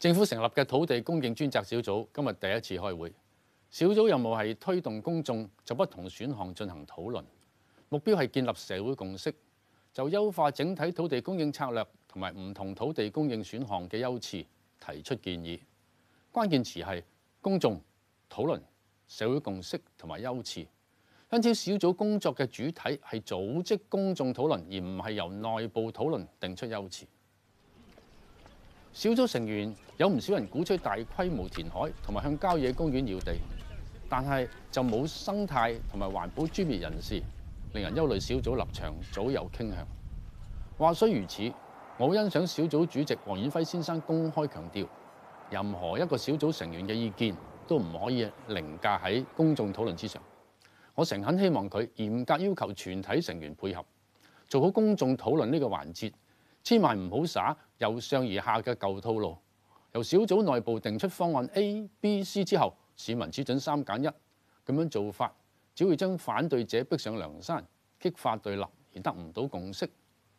政府成立嘅土地供應專責小組今日第一次開會。小組任務係推動公眾就不同選項進行討論，目標係建立社會共識，就優化整體土地供應策略同埋唔同土地供應選項嘅優次提出建議。關鍵詞係公眾討論、社會共識同埋優次。因此小組工作嘅主體係組織公眾討論，而唔係由內部討論定出優次。小組成員有唔少人鼓吹大規模填海同埋向郊野公園要地，但係就冇生態同埋環保專業人士，令人憂慮小組立場早有傾向。話雖如此，我好欣賞小組主席黃遠輝先生公開強調，任何一個小組成員嘅意見都唔可以凌駕喺公眾討論之上。我誠懇希望佢嚴格要求全體成員配合，做好公眾討論呢個環節。千萬唔好耍由上而下嘅舊套路，由小組內部定出方案 A、B、C 之後，市民只准三揀一咁樣做法，只會將反對者逼上梁山，激發對立而得唔到共識，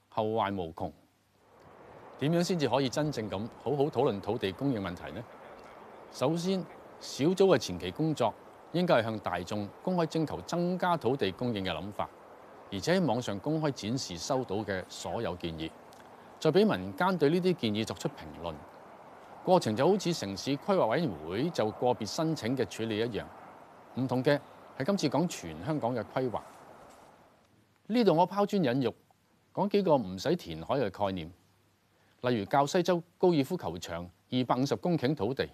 後患無窮。點樣先至可以真正咁好好討論土地供應問題呢？首先，小組嘅前期工作應該係向大眾公開徵求增加土地供應嘅諗法，而且喺網上公開展示收到嘅所有建議。再俾民間對呢啲建議作出評論，過程就好似城市規劃委員會就個別申請嘅處理一樣。唔同嘅係今次講全香港嘅規劃。呢度我拋磚引玉，講幾個唔使填海嘅概念，例如滘西洲高爾夫球場二百五十公頃土地，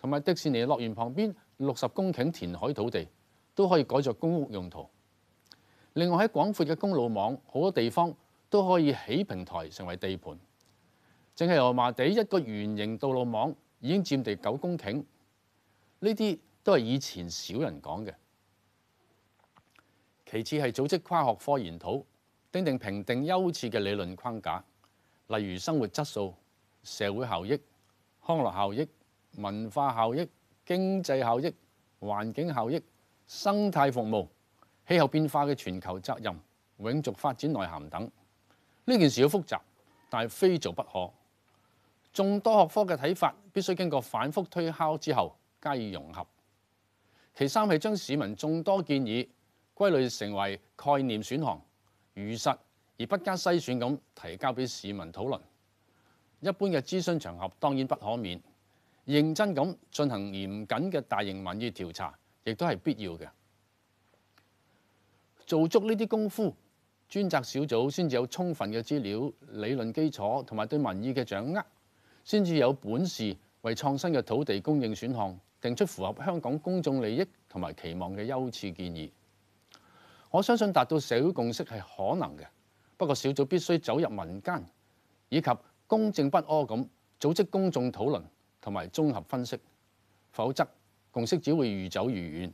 同埋迪士尼樂園旁邊六十公頃填海土地都可以改作公屋用途。另外喺廣闊嘅公路網好多地方，都可以起平台成為地盤，正係油麻地一個圓形道路網已經佔地九公頃，呢啲都係以前少人講嘅。其次係組織跨學科研討，定定評定優次嘅理論框架，例如生活質素、社會效益、康樂效益、文化效益、經濟效益、環境效益、生態服務、氣候變化嘅全球責任、永續發展內涵等。呢件事好複雜，但係非做不可。眾多學科嘅睇法必須經過反覆推敲之後加以融合。其三係將市民眾多建議歸類成為概念選項，如實而不加篩選咁提交畀市民討論。一般嘅諮詢場合當然不可免，認真咁進行嚴謹嘅大型民意調查，亦都係必要嘅。做足呢啲功夫，專責小組先至有充分嘅資料、理論基礎同埋對民意嘅掌握，先至有本事為創新嘅土地供應選項定出符合香港公眾利益同埋期望嘅優次建議。我相信達到社會共識係可能嘅，不過小組必須走入民間，以及公正不阿咁組織公眾討論同埋綜合分析，否則共識只會愈走愈遠。